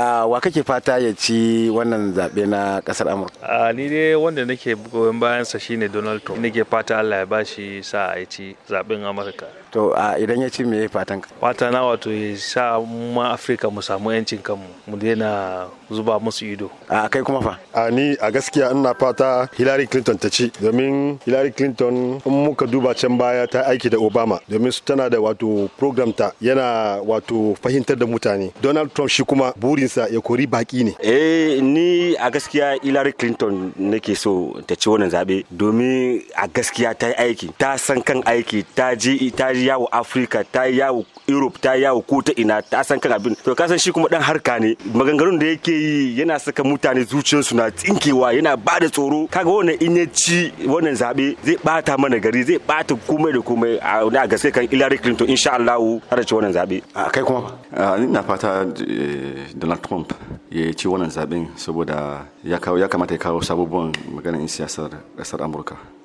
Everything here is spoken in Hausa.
Ah, wa kake fata ya ci wannan zaɓe na ƙasar amurka ah, ni dai wanda nake goyon bayansa shine donald trump nake fata allah ya ba shi sa a ci zaɓen amurka to a idan ya ci me fatan ka fata na wato ya sa ma afirka mu samu yancin kanmu mu daina zuba musu ido a kai kuma fa a ni a gaskiya ina fata hillary clinton ta ci domin hillary clinton in muka duba can baya ta aiki da obama domin su tana da wato program ta yana wato fahimtar da mutane donald trump shi kuma burin sa ya kori baki ne eh ni a gaskiya Hillary Clinton nake so ta ci wannan zabe domin a gaskiya ta yi aiki ta san kan aiki ta ji ta ji yawo Africa ta yi yawo Europe ta yi yawo ko ta ina ta san kan abin to ka san shi kuma dan harka ne maganganun da yake yi yana saka mutane zuciyarsu na tsinkewa yana ba da tsoro kaga wannan in ya ci wannan zabe zai bata mana gari zai bata komai da komai a gaske kan Hillary Clinton insha Allah har ci wannan zabe a kai kuma ina fata eh, da donald trump ya ci wannan zaben saboda ya kamata ya kawo sabubuwan maganin siyasar ƙasar amurka